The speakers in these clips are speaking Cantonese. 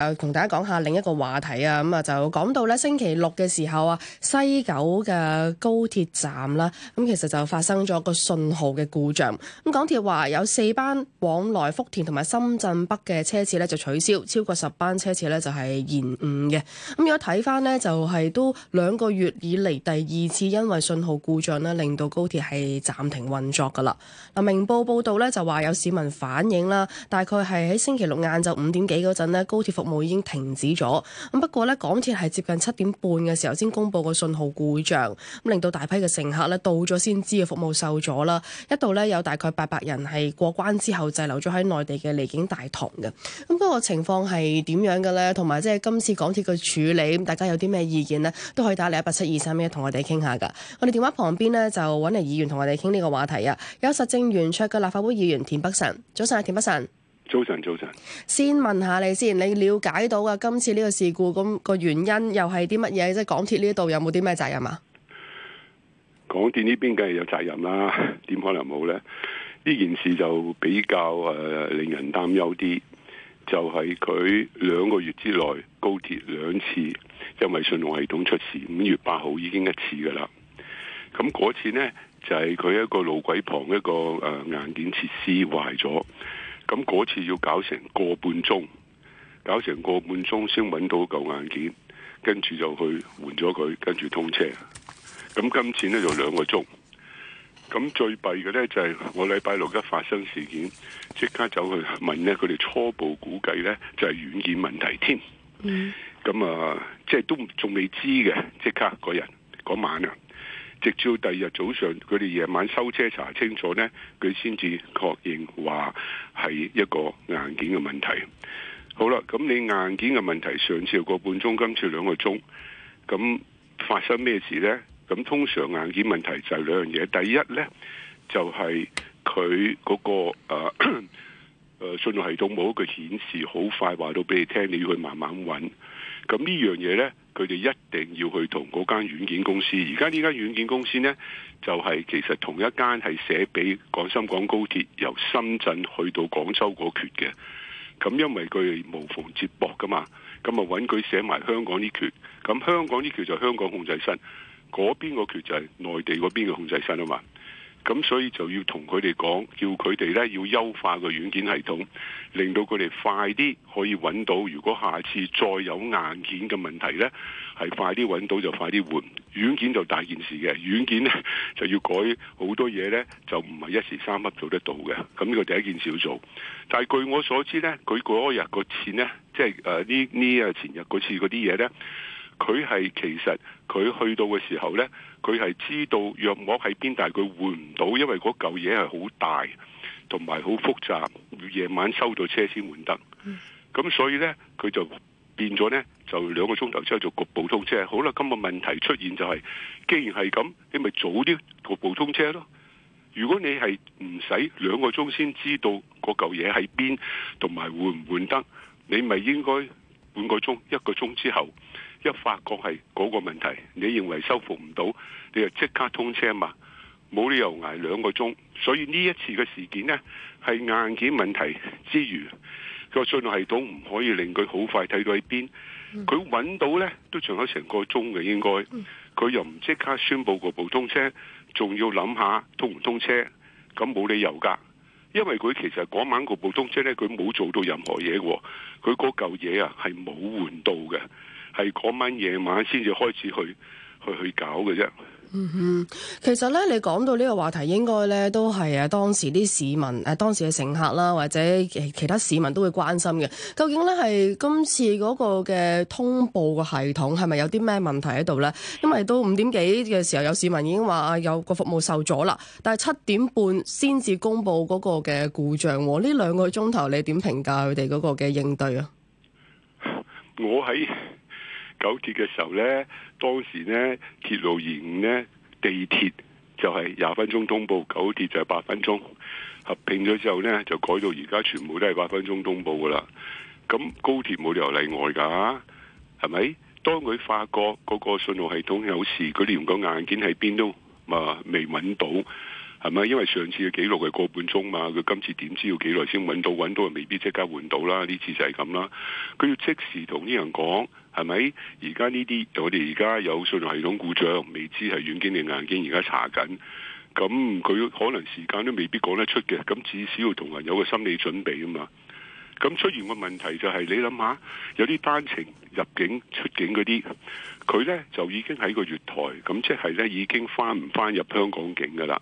誒，同大家講下另一個話題啊，咁啊就講到咧星期六嘅時候啊，西九嘅高鐵站啦，咁其實就發生咗個信號嘅故障。咁港鐵話有四班往來福田同埋深圳北嘅車次咧就取消，超過十班車次咧就係延誤嘅。咁如果睇翻呢，就係都兩個月以嚟第二次因為信號故障呢，令到高鐵係暫停運作噶啦。嗱，明報報道呢，就話有市民反映啦，大概係喺星期六晏晝五點幾嗰陣呢，高鐵服務冇已經停止咗，咁不過呢，港鐵係接近七點半嘅時候先公布個信號故障，咁令到大批嘅乘客呢到咗先知嘅服務受阻啦，一度呢，有大概八百人係過關之後滯留咗喺內地嘅離境大堂嘅，咁嗰個情況係點樣嘅呢？同埋即係今次港鐵嘅處理，大家有啲咩意見呢？都可以打嚟一八七二三一同我哋傾下噶。我哋電話旁邊呢，就揾嚟議員同我哋傾呢個話題啊，有實政圓桌嘅立法會議員田北辰，早晨，田北辰。早晨，早晨。先問下你先，你了解到嘅今次呢個事故，咁個原因又係啲乜嘢？即係港鐵呢度有冇啲咩責任啊？港鐵呢邊梗係有責任啦，點可能冇咧？呢件事就比較誒、呃、令人擔憂啲，就係佢兩個月之內高鐵兩次因為信號系統出事，五月八號已經一次噶啦。咁嗰次咧就係、是、佢一個路軌旁一個誒、呃、硬件設施壞咗。咁嗰次要搞成個半鐘，搞成個半鐘先揾到舊硬件，跟住就去換咗佢，跟住通車。咁今次呢，兩呢就兩個鐘。咁最弊嘅呢就係我禮拜六一發生事件，即刻走去問呢佢哋初步估計呢就係、是、軟件問題添。咁、mm. 啊，即、就、係、是、都仲未知嘅，即刻嗰日嗰晚啊。直至第二日早上，佢哋夜晚收車查清楚呢，佢先至確認話係一個硬件嘅問題。好啦，咁你硬件嘅問題上次個半鐘，今次兩個鐘，咁發生咩事呢？咁通常硬件問題就係兩樣嘢，第一呢，就係佢嗰個誒信號系統冇一個顯示，好快話到俾你聽，你要去慢慢揾。咁呢樣嘢呢。佢哋一定要去同嗰間軟件公司，而家呢間軟件公司咧就係、是、其實同一間係寫俾廣深港高鐵由深圳去到廣州嗰段嘅，咁因為佢無縫接駁噶嘛，咁啊揾佢寫埋香港呢段，咁香港呢段就香港控制室，嗰邊個段就係內地嗰邊嘅控制室啊嘛。咁所以就要同佢哋講，叫佢哋咧要優化個軟件系統，令到佢哋快啲可以揾到。如果下次再有硬件嘅問題咧，係快啲揾到就快啲換。軟件就大件事嘅，軟件咧就要改好多嘢咧，就唔係一時三刻做得到嘅。咁、那、呢個第一件事要做。但係據我所知咧，佢嗰日個次咧，即、就、係、是、呢呢啊前日嗰次嗰啲嘢咧。佢係其實佢去到嘅時候呢，佢係知道藥膜喺邊，但係佢換唔到，因為嗰嚿嘢係好大，同埋好複雜。夜晚收咗車先換得。咁所以呢，佢就變咗呢，就兩個鐘頭之後做局部通車。好啦，今日問題出現就係，既然係咁，你咪早啲局部通車咯。如果你係唔使兩個鐘先知道嗰嚿嘢喺邊，同埋換唔換得，你咪應該半個鐘、一個鐘之後。一發覺係嗰個問題，你認為修復唔到，你就即刻通車嘛？冇理由挨兩個鐘。所以呢一次嘅事件呢，係硬件問題之餘，個信號系統唔可以令佢好快睇到喺邊。佢揾到呢，都仲有成個鐘嘅應該。佢又唔即刻宣布嗰部通車，仲要諗下通唔通車。咁冇理由噶，因為佢其實嗰晚嗰部通車呢，佢冇做到任何嘢喎。佢嗰嚿嘢啊，係冇換到嘅。係嗰晚夜晚先至開始去去去搞嘅啫。嗯哼，其實咧，你講到呢個話題應該呢，應該咧都係啊，當時啲市民誒，當時嘅乘客啦，或者其他市民都會關心嘅。究竟咧係今次嗰個嘅通報嘅系統係咪有啲咩問題喺度咧？因為到五點幾嘅時候，有市民已經話有個服務受阻啦，但係七點半先至公布嗰個嘅故障喎。呢兩個鐘頭，你點評價佢哋嗰個嘅應對啊？我喺九鐵嘅時候呢，當時呢，鐵路延誤呢，地鐵就係廿分鐘通報，九鐵就係八分鐘。合併咗之後呢，就改到而家全部都係八分鐘通報噶啦。咁高鐵冇理由例外噶，係咪？當佢發覺嗰個信號系統有事，佢連個硬件喺邊都啊未揾到係咪？因為上次嘅記錄係個半鐘嘛，佢今次點知要幾耐先揾到？揾到咪未必即刻換到啦。呢次就係咁啦，佢要即時同啲人講。係咪？而家呢啲我哋而家有信號系統故障，未知係軟件定硬件，而家查緊。咁佢可能時間都未必講得出嘅。咁至少要同人有個心理準備啊嘛。咁出現個問題就係，你諗下，有啲單程入境出境嗰啲，佢呢就已經喺個月台，咁即係呢已經翻唔翻入香港境噶啦。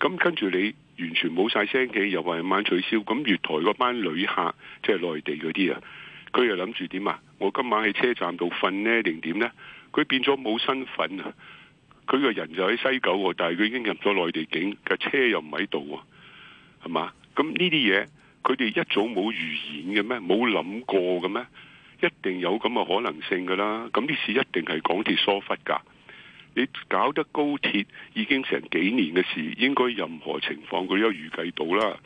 咁跟住你完全冇晒聲氣，又話晚取消。咁月台嗰班旅客即係內地嗰啲啊。佢又諗住點啊？我今晚喺車站度瞓呢，定點呢？佢變咗冇身份啊！佢個人就喺西九，但係佢已經入咗內地境，架車又唔喺度喎，係嘛？咁呢啲嘢，佢哋一早冇預言嘅咩？冇諗過嘅咩？一定有咁嘅可能性噶啦！咁啲事一定係港鐵疏忽噶。你搞得高鐵已經成幾年嘅事，應該任何情況佢都預計到啦。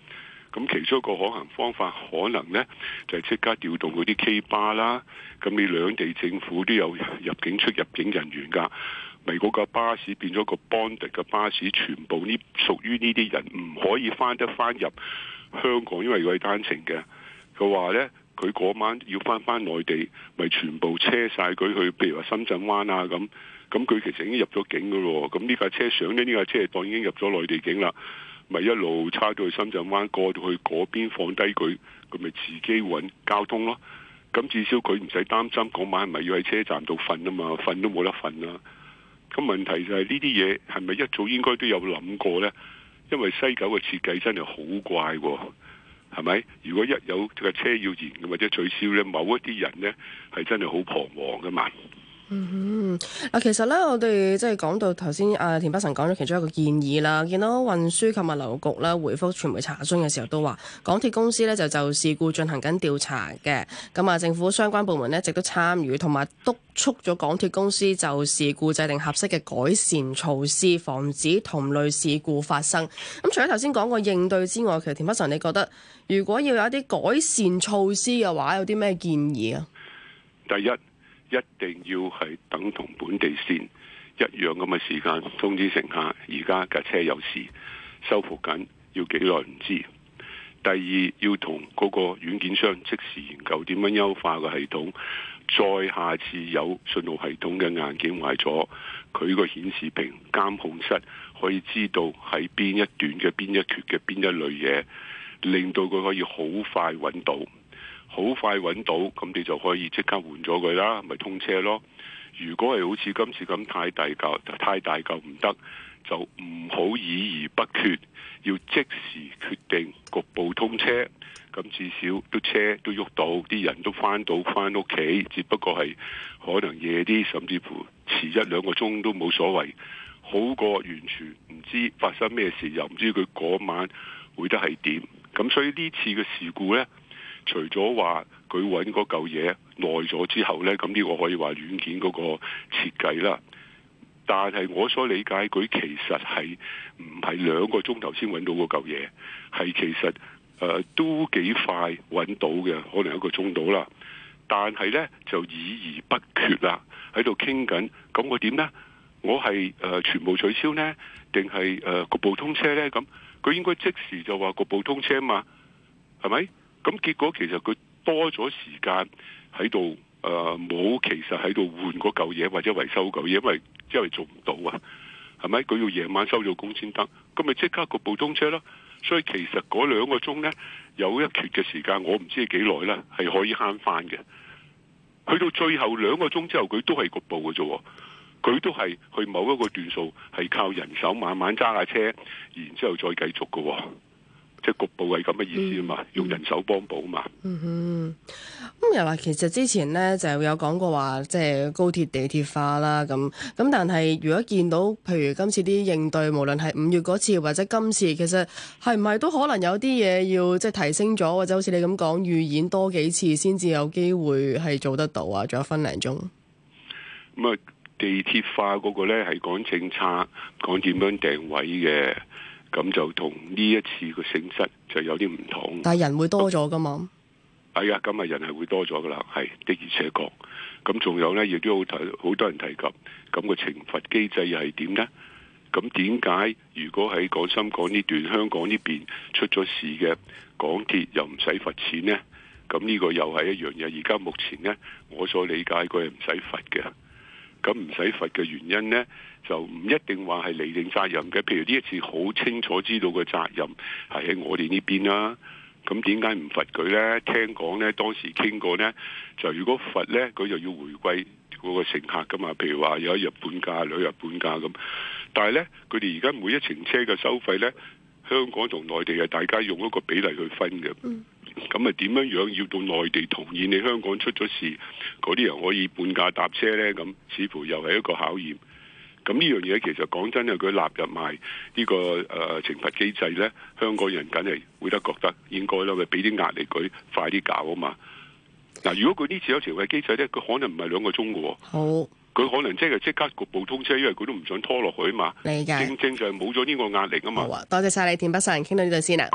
咁其中一個可行方法，可能呢，就係即刻調動嗰啲 K 巴啦。咁你兩地政府都有入境出入境人員㗎。咪架巴士變咗個邦迪嘅巴士，全部呢屬於呢啲人唔可以翻得翻入香港，因為佢單程嘅。佢話呢，佢嗰晚要翻翻內地，咪全部車晒佢去，譬如話深圳灣啊，咁。咁佢其實已經入咗境嘅喎。咁呢架車上，呢呢架車，當已經入咗內地境啦。咪一路差到去深圳灣，過到去嗰邊放低佢，佢咪自己搵交通咯。咁至少佢唔使擔心嗰晚咪要喺車站度瞓啊嘛，瞓都冇得瞓啦。咁問題就係呢啲嘢係咪一早應該都有諗過呢？因為西九嘅設計真係好怪啊，係咪？如果一有架車要延，或者取消呢，某一啲人呢，係真係好彷徨㗎嘛。嗯，嗱，其實咧，我哋即係講到頭先，阿田北辰講咗其中一個建議啦。見到運輸及物流局啦，回覆傳媒查詢嘅時候都，都話港鐵公司咧就就事故進行緊調查嘅。咁啊，政府相關部門呢，亦都參與，同埋督促咗港鐵公司就事故制定合適嘅改善措施，防止同類事故發生。咁除咗頭先講過應對之外，其實田北辰，你覺得如果要有一啲改善措施嘅話，有啲咩建議啊？第一。一定要係等同本地線一樣咁嘅時間通知乘客，而家架車有事修復緊，要幾耐唔知。第二，要同嗰個軟件商即時研究點樣優化個系統，再下次有信號系統嘅硬件壞咗，佢個顯示屏監控室可以知道喺邊一段嘅邊一缺嘅邊一類嘢，令到佢可以好快揾到。好快揾到，咁你就可以即刻換咗佢啦，咪通車咯。如果係好似今次咁太大嚿太大嚿唔得，就唔好議而不決，要即時決定局部通車。咁至少都車都喐到，啲人都返到返屋企，只不過係可能夜啲，甚至乎遲一兩個鐘都冇所謂，好過完全唔知發生咩事，又唔知佢嗰晚會得係點。咁所以呢次嘅事故呢。除咗話佢揾嗰嚿嘢耐咗之後呢，咁呢個可以話軟件嗰個設計啦。但係我所理解佢其實係唔係兩個鐘頭先揾到嗰嚿嘢，係其實、呃、都幾快揾到嘅，可能一個鐘度啦。但係呢，就議而不決啦，喺度傾緊，咁我點呢？我係、呃、全部取消呢，定係誒局部通車呢？咁佢應該即時就話局部通車嘛？係咪？咁結果其實佢多咗時間喺度，誒、呃、冇其實喺度換個舊嘢或者維修舊嘢，因為因為做唔到啊，係咪？佢要夜晚收咗工先得，咁咪即刻局部通車咯。所以其實嗰兩個鐘咧有一缺嘅時間，我唔知幾耐呢，係可以慳翻嘅。去到最後兩個鐘之後，佢都係局部嘅啫，佢都係去某一個段數係靠人手慢慢揸下車，然之後再繼續嘅、啊。即局部係咁嘅意思啊嘛、嗯，用人手幫補啊嘛。嗯哼，咁又話其實之前呢就有講過話，即係高鐵地鐵化啦咁。咁但係如果見到譬如今次啲應對，無論係五月嗰次或者今次，其實係唔係都可能有啲嘢要即係提升咗，或者好似你咁講預演多幾次先至有機會係做得到啊？仲有分零鐘。咁啊，地鐵化嗰個咧係講政策，講點樣定位嘅。咁就同呢一次嘅性質就有啲唔同。但係人會多咗噶嘛？係、哎、啊，今日人係會多咗噶啦，係的而且確。咁仲有呢，亦都好提，好多人提及咁、個懲罰機制又係點呢？咁點解如果喺港深港呢段香港呢邊出咗事嘅，港鐵又唔使罰錢呢？咁呢個又係一樣嘢。而家目前呢，我所理解佢係唔使罰嘅。咁唔使罰嘅原因呢，就唔一定話係釐定責任嘅。譬如呢一次好清楚知道個責任係喺我哋呢邊啦、啊。咁點解唔罰佢呢？聽講呢，當時傾過呢，就如果罰呢，佢就要回歸嗰個乘客㗎嘛。譬如話有一日半價、兩日半價咁。但係呢，佢哋而家每一程車嘅收費呢，香港同內地係大家用一個比例去分嘅。嗯咁咪點樣樣，要到內地同意你香港出咗事，嗰啲人可以半價搭車咧？咁似乎又係一個考驗。咁呢樣嘢，其實講真係，佢納入埋呢個誒懲罰機制咧，香港人梗係會得覺得應該咯，佢俾啲壓力佢快啲搞啊嘛。嗱，如果佢呢次有懲罰機制咧，佢可能唔係兩個鐘噶。好，佢可能即係即刻局部通車，因為佢都唔想拖落去啊嘛。你解。正正就係冇咗呢個壓力嘛啊嘛。多謝晒你，田北辰，傾到呢度先啦。